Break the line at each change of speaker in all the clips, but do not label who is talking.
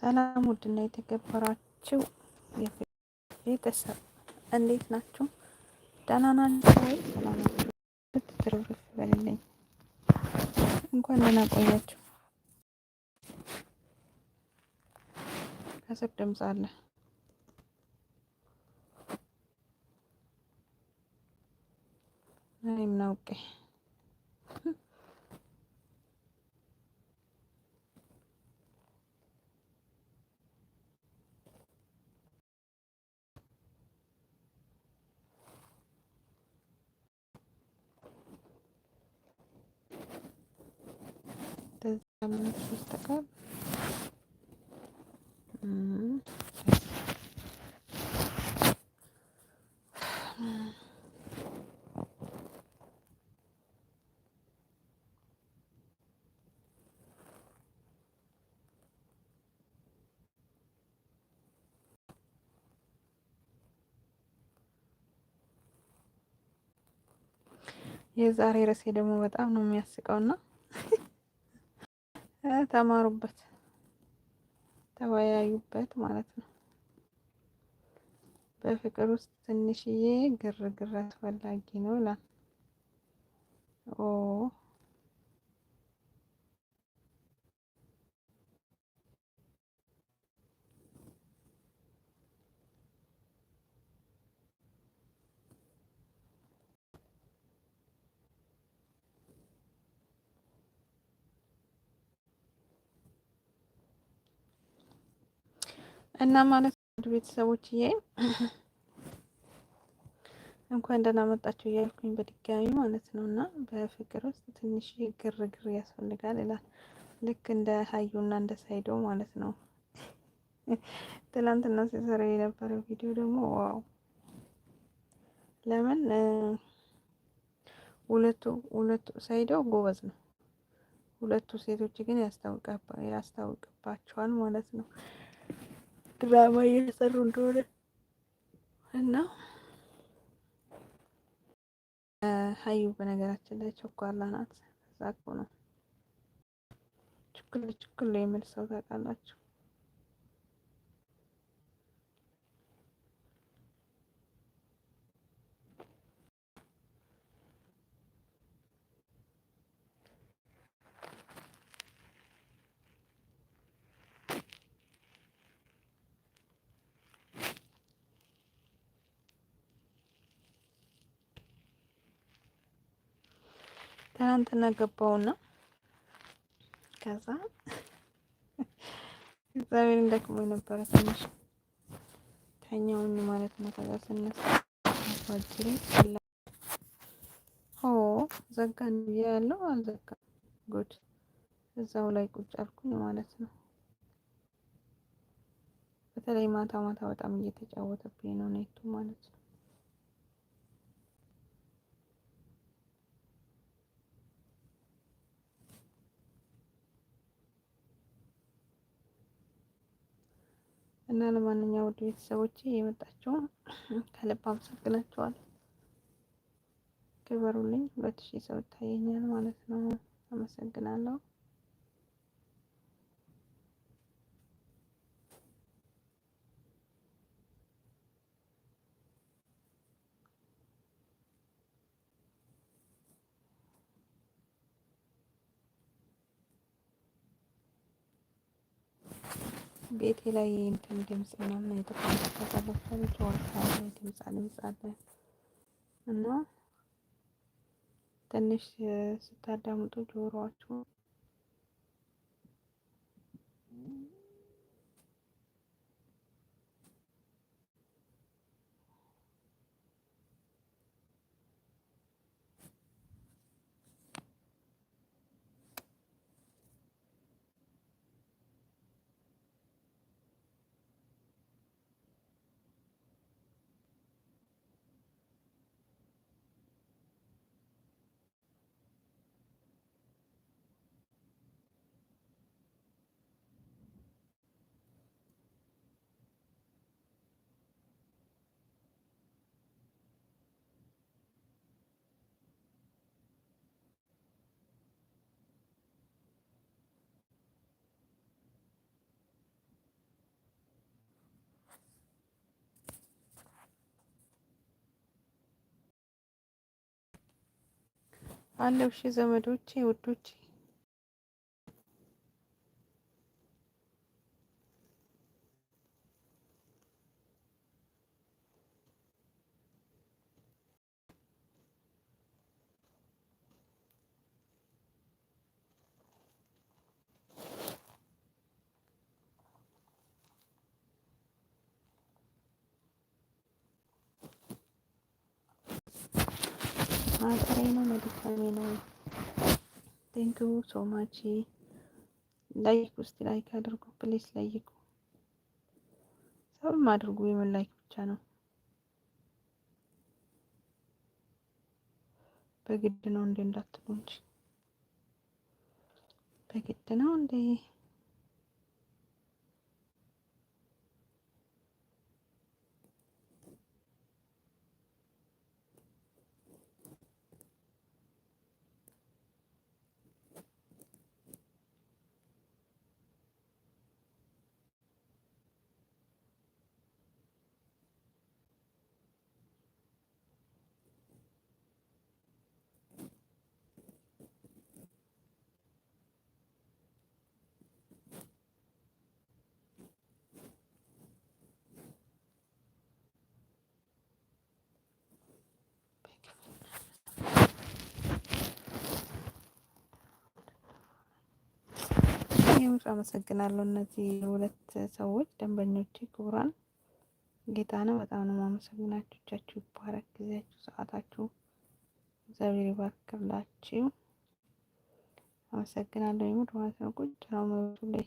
ሰላም ውድና የተከበራችሁ ቤተሰብ እንዴት ናችሁ? ደህና ናችሁ ወይ? ሰላማችሁ ትትርፍርፍ በልልኝ። እንኳን ደህና ቆያችሁ። ከስር ድምፅ አለ። እኔ ምን አውቄ በስተቀር የዛሬ ርዕሴ ደግሞ በጣም ነው የሚያስቀውና ተማሩበት፣ ተወያዩበት ማለት ነው። በፍቅር ውስጥ ትንሽዬ ግርግር አስፈላጊ ነው ላ እና ማለት ነው ቤተሰቦች ይሄ እንኳን ደህና መጣችሁ እያልኩኝ በድጋሚ ማለት ነው። እና በፍቅር ውስጥ ትንሽ ግርግር ያስፈልጋል ይላል። ልክ እንደ ሀዩና እንደ ሳይዶ ማለት ነው። ትላንትና ሲሰራ የነበረው ቪዲዮ ደግሞ ዋው! ለምን ሁለቱ ሁለቱ ሳይዶ ጎበዝ ነው። ሁለቱ ሴቶች ግን ያስታውቅባቸዋል ማለት ነው። ድራማ እየሰሩ እንደሆነ እና ሀዩ በነገራችን ላይ ቸኳላ ናት። ዛኮ ነው ችኩል ችኩል የምል ሰው ታውቃላችሁ። ትናንትና ገባውና ከዛ እግዚአብሔር እንደክሞ የነበረ ትንሽ ተኛውን ማለት ነው። ከዛ ስነሳ አባጅሪ ፈላ ኦ ዘጋን ያለው አልዘጋ ጉድ እዛው ላይ ቁጭ አልኩኝ ማለት ነው። በተለይ ማታ ማታ በጣም እየተጫወተብኝ ነው ኔቱ ማለት ነው። እና ለማንኛውም ውድ ቤተሰቦቼ የመጣችሁ ከልብ አመሰግናችኋለሁ። ክበሩልኝ። ሁለት ሺህ ሰው ይታየኛል ማለት ነው። አመሰግናለሁ። ቤቴ ላይ እንትን ድምጽ ምናምን የተቀመጠበት ጮርታ ድምጽ ድምጽ አለ እና ትንሽ ስታዳምጡ ጆሮአችሁ አለብሽ ዘመዶቼ ውዶቼ አገሬ ነው መድካሜ ነው። ቴንክዩ ሶማች ላይክ ውስጥ ላይክ አድርጉ ፕሌስ ላይኩ ሰብም አድርጉ። የምን ላይክ ብቻ ነው በግድ ነው እንዴ እንዳትሉ እንጂ በግድ ነው እንዴ የምር አመሰግናለሁ። እነዚህ ሁለት ሰዎች ደንበኞች ክቡራን ጌታ ነው። በጣም ነው የማመሰግናችሁ። እጃችሁ ይባረክ፣ ጊዜያችሁ፣ ሰዓታችሁ እግዚአብሔር ይባርክላችሁ። አመሰግናለሁ የምር ማለት ነው። ቁጭ ነው መብቱ ላይ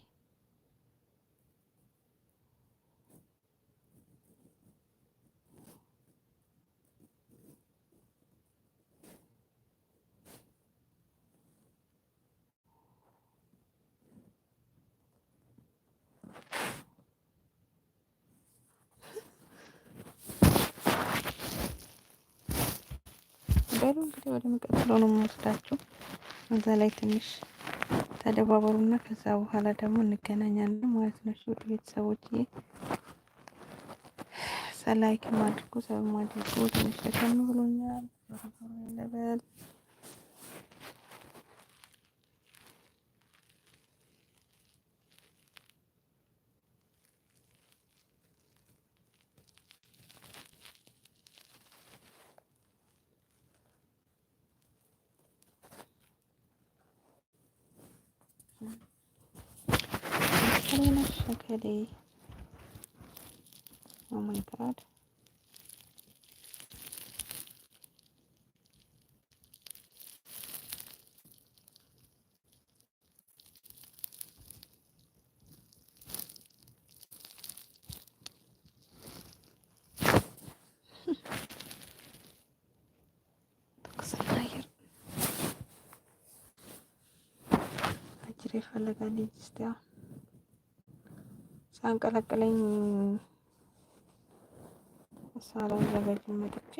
ነበሩ። እንግዲህ ወደ መቀጠለው ነው የምወስዳችሁ። እዛ ላይ ትንሽ ተደባበሩና ከዛ በኋላ ደግሞ እንገናኛለን ማለት ነው። እሺ ቤተሰቦች ይ ሰላይክ ማድርጉ ሰብ ማድርጉ ትንሽ ተከም ብሎኛል። ነሽ እከሌ ኦማይጋድ የፈለገ ልጅ ሳንቀለቅለኝ ሳላዘጋጅ መጥቼ